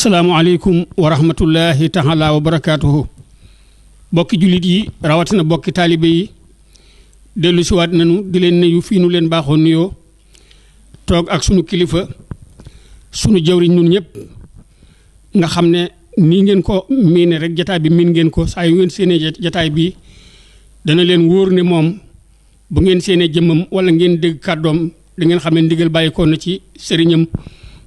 salaamualeykum wa rahmatullahi taala wa barakaatuhu bokki jullit yi rawatina bokki taalibe yi dellu siwaat nañu di leen nuyu fii nu leen baaxoo nuyoo toog ak sunu kilifa sunu jëwriñ ñun ñëpp nga xam ne nii ngeen ko miine rek jataay bi miin ngeen ko saa yu ngeen seenee jataay bi dana leen wóor ne moom bu ngeen seenee jëmmam wala ngeen dégg kàddoom da ngeen xam ne ndigal bàyyikoon na ci sëriñam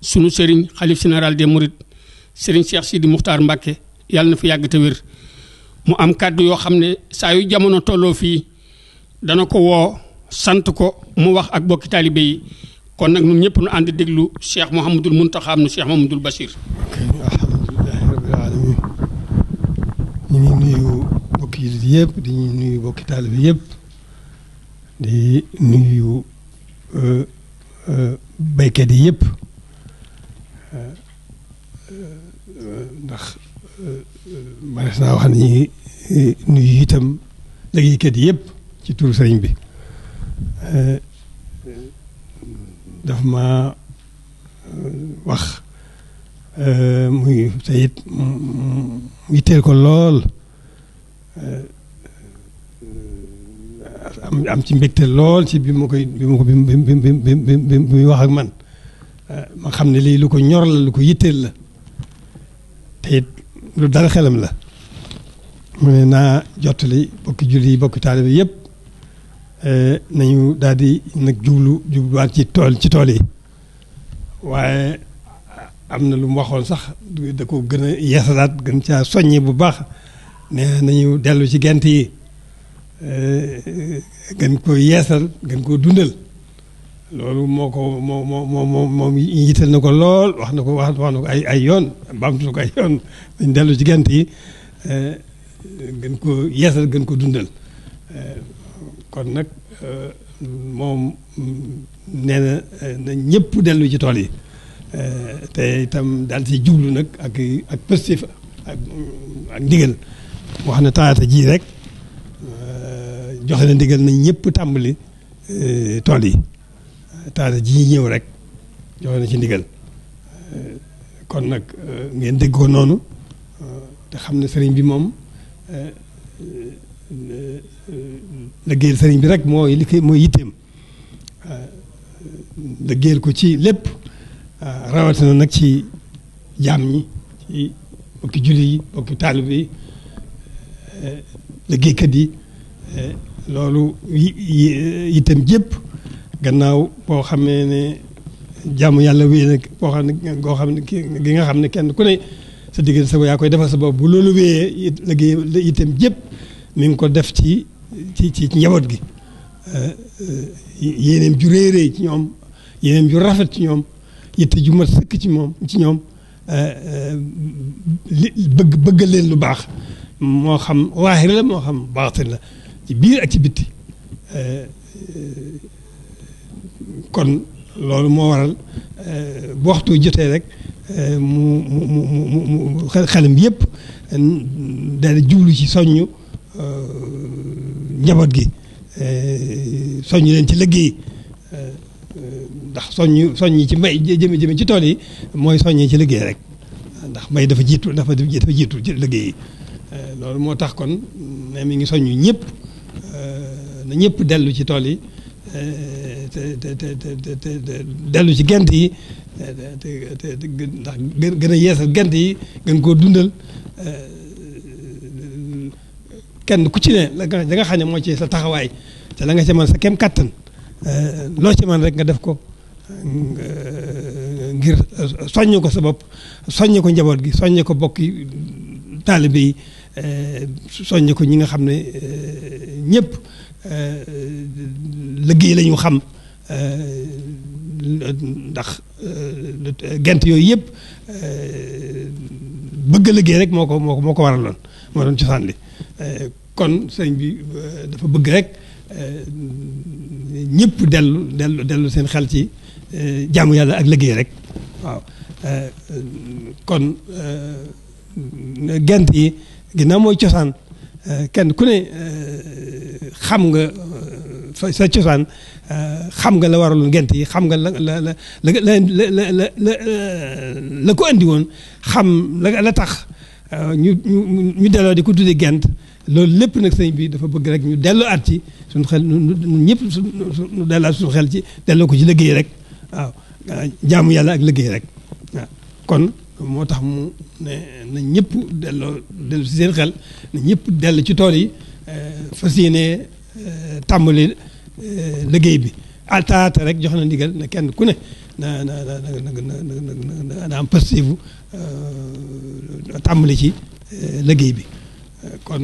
sunu sëriñ xalif général des mourides sëriñ Cheikh Sidi Muxtaar Mbàkke yàlla na fi yàgg te wér mu am kàddu yoo xam ne saa yu jamono tolloo fii dana ko woo sant ko mu wax ak bokki taalibe yi kon nag ñun ñëpp nu ànd déglu Cheikh Mouhamadul Muntaxa nu Cheikh Mouhamadul Bachir. alhamdulilah rabbil alamin ñu ngi nuyu bokki jullit yëpp di nuyu bokki taalibe yëpp di nuyu euh, euh, béykat yi yëpp. Euh, ndax euh, euh, manees naa wax ni nuyu itam liggéeykat yëpp ci turu sëriñ bi euh, daf ma wax muy te it muy teel ko lool am am ci mbégte lool ci bi mu koy bi ma ko bi bi bi bi bi muy wax ak man ma xam ne lii lu ko ñor la lu ko yitteel la it lu dara xelam la mu ne naa jottali bokki julli yi bokki taalibe yëpp eh, nañu daal di nag jublu jubluwaat ci tool ci tool yi waaye am na lu mu waxoon sax da ko gën a yeesalaat gën caa soññe bu baax ne nañu dellu ci gent yi eh, gën ko yeesal gën koo dundal loolu moo ko moo moo moo moom yitteel na ko lool wax na ko wax wax na ko ay ay yoon baamtu na ko ay yoon dañ dellu ci gent yi eh, gën ko yeesal gën ko dundal eh, kon nag eh, moom nee na na ñëpp dellu ci tool yi te itam daal ci jublu nag ak ak pëstif ak ak ndigal wax na taata jii rek joxe na ndigal nañ ñëpp tàmbali tool yi taata ji ñëw rek joxe na ci ndigal kon nag euh, ngeen dégg ko noonu euh, te xam ne sëriñ bi moom euh, liggéeyal sëriñ bi rek mooy li koy mooy yitteem liggéeyal ko ci lépp rawatina nag ci jaam ñi ci bokki julli yi bokki taalib yi liggéeykat yi loolu yitteem jépp gannaaw boo xamee ne jàmm yàlla wéy na boo xam ne goo xam ne gi nga xam ne kenn ku ne sa diggante sa yaa koy defal sa bopp bu loolu wéyee liggéey itam jëpp mi ngi ko def ci ci ci njaboot gi euh, euh, yéeneem ju rëy ci ñoom yéeneem ju rafet ci ñoom yitte ju mat sëkk ci moom ci ñoom euh, bëgg bëgg leen lu baax moo xam waaxir la moo xam baatin la ci biir ak ci bitti kon loolu moo waral euh, bu waxtu jotee rek euh, mu mu mu mu xelam bi yëpp dana jublu ci soññu euh, njaboot gi soññu leen ci liggéey ndax soññu soññi ci mbay jëme jëme ci tool yi mooy soññi ci liggéey rek ndax mbay dafa jiitu dafa dafa jiitu ci liggéey yi loolu moo tax kon ne mi ngi soññu ñëpp na ñëpp dellu ci tool yi te te te te dellu ci gent yi te te ndax gën a yeesal gent yi gën koo dundal kenn ku ci ne la nga xam ne moo ci sa taxawaay te la nga ci mën sa kem kattan loo ci mën rek nga def ko ngir soññ ko sa bopp soññ ko njaboot gi soññ ko bokki taalibe yi soññ ko ñi nga xam ne ñëpp Euh, euh, liggéey lañu xam euh, ndax gent yooyu yëpp bëgg a liggéey rek moo ko moo ko moo ko waraloon moo doon cosaan li kon sëñ bi dafa bëgg rek ñëpp dellu dellu dellu seen xel ci jaamu yàlla ak liggéey rek waaw kon gent yi ginnaaw mooy cosaan kenn ku ne euh, xam nga euh, sa cosaan euh, xam nga la waraloon gent yi xam nga la la la la la la la ko andi woon xam la la tax ñu ñu delloo di ko tuddee gent loolu lépp nag sëñ bi dafa bëgg rek ñu delloo at ci suñu xel ñun ñëpp ñu delloo suñu xel ci delloo ko ci liggéey rek waaw jaamu yàlla ak liggéey rek waaw moo tax mu ne na ñëpp delloo dellu si seen xel na ñëpp dellu ci tool yi fas yéene tàmbali liggéey bi altaata rek jox na ndigal ne kenn ku ne na na na na na na am pastifu tàmbali ci liggéey bi kon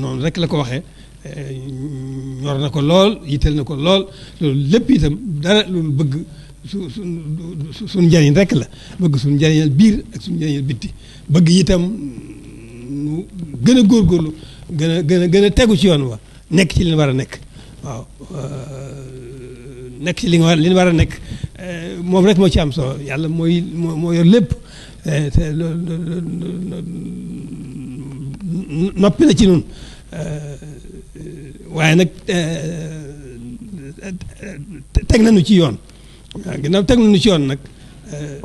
noonu rek la ko waxee ñor na ko lool yitteel na ko lool loolu lépp itam dara loolu bëgg su su suñu njëriñ rek la bëgg suñu njëriñal biir ak suñu njëriñal bitti bëgg yitam nu gën a góorgóorlu gën a gën gën a tegu ci yoon wa nekk ci li war a nekk waaw euh, li nga war li war a nekk euh, moom rek moo ci am solo yàlla mooy moo lépp euh, te noppi na ci nun waaye nag teg nañu ci yoon waaw ginnaaw teg nañu ci yoon nag euh,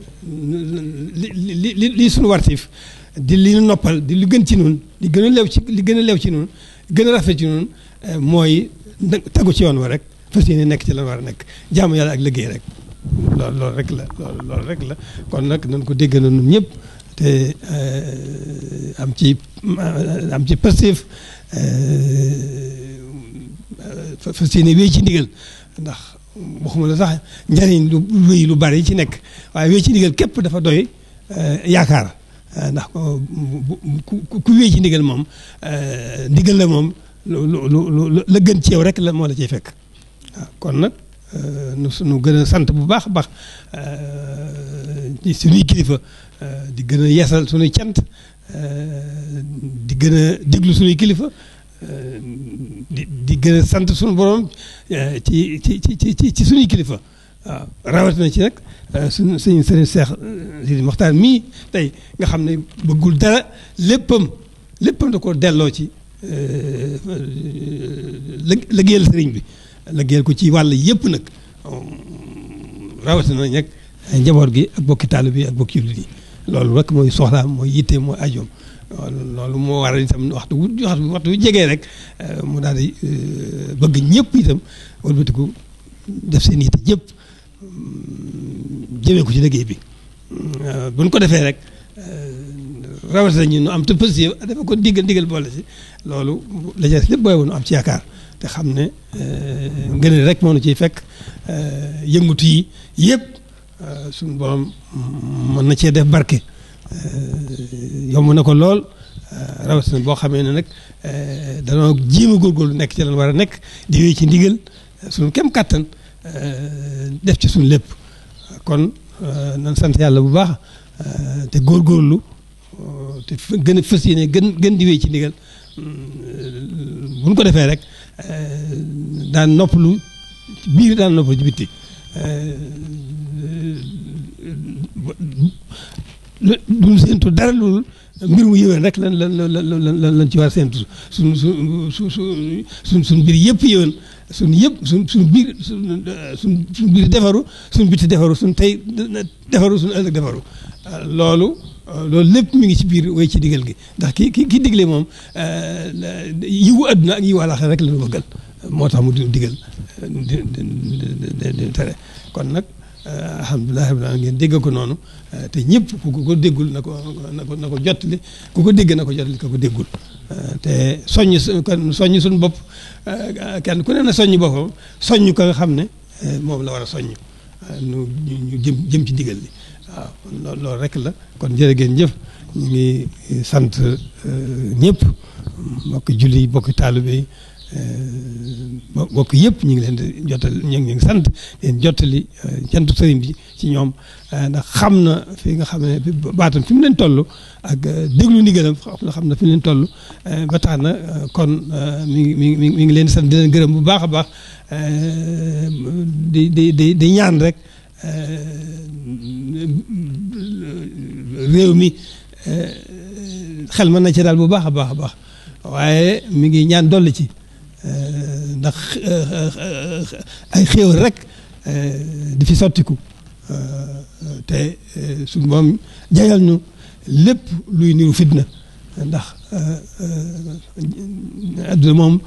li li lii suñu wartiif di li noppal di lu gën ci noonu li gën a lew ci li gën a lew ci noonu gën a rafet ci noonu euh, mooy tegu ci yoon wa rek fas yéene nekk ci lan war a nekk jaamu yàlla ak liggéey rek loolu loolu rek la loolu rek la kon nag nañ ko dégg na ñun ñëpp te euh, am ci am ci passif wéy ci ndigal waxuma la sax njariñ lu wéy lu bari ci nekk waaye wéy ci ndigal képp dafa doy eh, yaakaar eh, ndax ku ku wéy ci ndigal moom eh, ndigal la moom lu la gën ci yow rek la moo la ciy fekk ah, kon nag nu nu gën a sant bu baax a baax ci suñuy kilifa di gën a yeesal suñuy cant di gën a déglu suñuy kilifa di di gën a sant suñu borom eh, ci ci ci ci ci suñuy kilifa waaw ah, rawatina ci nag eh, suñu suñu sëriñ Seex eh, Sidi Moxtaar mii tey nga xam ne bëggul dara léppam léppam da ko delloo ci liggéeyal sëriñ bi liggéeyal ko ci wàll yëpp nag mm, rawatina nag njaboot gi ak bokki taal bi ak bokki jullit yi loolu rek mooy soxlaam mooy yitteem mooy ajoom loolu moo waral itam waxtu wu waxtu wu jegee rek euh, mu daal di euh, bëgg ñëpp itam wëlbatiku def seen yitte jëpp mm, jëmee ko ci liggéey bi mm, buñ ko defee rek euh, rawatina ñu nu am te positif dafa ko diggal diggal boole si loolu la ca lépp booy woon am ci yaakaar te xam ne ngëneel rek moo nu ci fekk yëngutu yi yëpp suñu borom mën na cee def barke. Euh, yomb na ko lool euh, rawatina boo xamee ne nag euh, danoo jiima a góorgóorlu nekk ci lan war a nekk di wéy ci ndigal suñu kem kàttan def ci suñu lépp kon nan sant yàlla bu baax te góorgóorlu te gën a yéene gën gën di ci ndigal bu ñu ko defee rek daan noppalu biir daan noppalu ci lu duñ séentu dara loolu mbir mu yëwén rek lan lan lan lan lan ci war séentu suñ suñ su su suñ suñ mbir yëpp yëwén suñ yëpp suñ suñ biir suñ suñ biir defaru suñ biti defaru suñ tey defaru suñ ëllëg defaru loolu loolu lépp mi ngi ci biir way ci digal gi ndax ki ki ki digle moom eh, yiwu àdduna ak yiwu àllaaxira rek la ñu moo tax mu digal di tere kon nag Euh, alhamdulilah rabbil alamin ngeen dégg ko noonu euh, te ñëpp ku ko déggul na ko na na ko jottali ku ko dégg na ko jottali ku ko déggul euh, te soññ soññ suñu bopp kenn ku ne na soññ boppam soññ ko xam ne moom la war a soññ nu jëm jëm ci diggal li waaw loolu rek la kon jërë ngeen jëf ñu ngi sant ñëpp mbokki julli yi mbokki Euh, bokk yëpp ñu ngi leen di jotal ñu ngi sant leen jottali euh, cant sëriñ bi ci ñoom euh, ndax xam na fi nga xam ne baatam fi mu leen toll ak déglu ndigalam xam na fi mu leen toll ba tax na kon mi ngi mi ngi mi ngi leen di sant di leen gërëm bu baax a baax di di di di ñaan rek réew mi xel ma na ci daal bu baax a baax a baax waaye mi ngi ñaan dolli ci. Euh, ndax euh, ay xéewal rek euh, di fi sottiku te suñu moom jayal ñu lépp luy niru fitna ndax adduna moom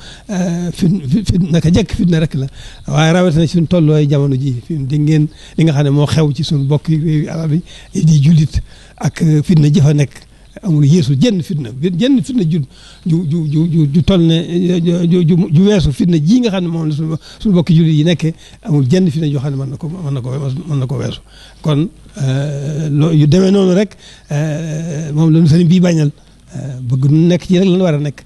fit fit naka jekk fitna rek la waaye rawatina suñ tollooy jamono ji fi di ngeen li nga xam ne moo xew ci suñu bokki réew yi arab yi di jullit ak fitna jëfa nekk amul yeesu jenn fitna jenn fitna ju ju ju ju ju toll ne ju ju weesu fitna jii nga xam ne moom la suñu suñu bokki jullit yi nekke amul jenn fitna joo xam ne mën na ko mën na ko mën na ko weesu kon euh, loo demee noonu rek euh, moom lañu sëriñ bii bañal euh, bëgg nu nekk ci rek lañu war a nekk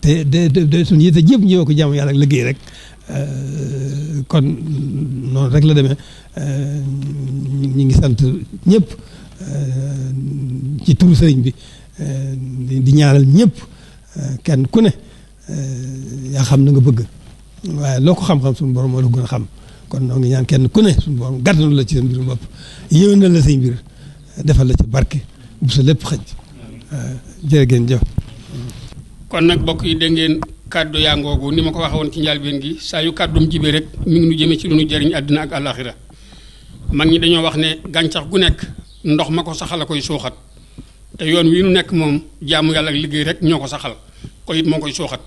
te de suñu yite jëpp ñëwee ko jàmm yàlla liggéey rek kon noonu rek la demee ñu ngi sant ñëpp Euh, ci turu sëriñ bi euh, di ñaanal ñëpp euh, kenn ku ne yaa xam na nga bëgg waaye loo ko xam-xam suñu borom moo la gën a xam kon noo ngi ñaan kenn ku ne suñu borom gàttanu la ci sa mbirum bopp yéwénal la say mbir defal la ci barke bu lépp xëj jërë ngeen jëf kon nag bokk yi dégg ngeen kàddu yaa ngoogu ni ma ko waxee ci njàlbeen gi saa yu kàddum jibee rek mi ngi nu jëmee ci lu nu jëriñ àddina ak àllaaxira mag ñi dañoo wax ne gàncax gu nekk ndox ma ko saxal a koy suuxat te yoon wi nu nekk moom jaamu yàlla ak liggéey rek ñoo ko saxal koy it moo koy suuxat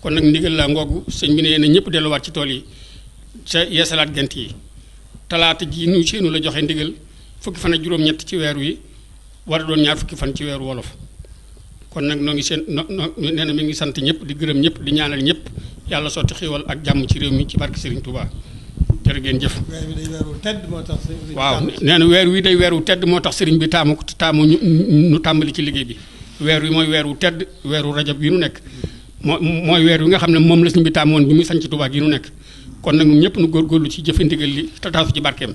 kon nag ndigal laa ngoogu sëñ bi ne na ñëpp delluwaat ci tool yi ca yeesalaat gent yi talaata ji nu la joxe ndigal fukki fan ak ci weer wi war doon ñaar fukki fan ci weeru wolof kon nag noo ngi seen no no mi ngi sant ñëpp di gërëm ñëpp di ñaanal ñëpp yàlla sotti xiiwal ak jàmm ci réew mi ci barke Serigne tubaa jërë ngeen jëf. weer wi day waaw nee na weer wi day weeru tedd moo tax sëriñ bi taamu taamu ñu ñu tàmbali ci liggéey bi weer wi mooy weeru tedd weeru rajab yi nu nekk. moo mooy weer wi nga xam ne moom la sëriñ bi taamoon bi muy sañ ci Tuubaa gi nu nekk kon nag ñun ñëpp nu góorgóorlu ci jëfe ndigal li te taasu ci barkeem.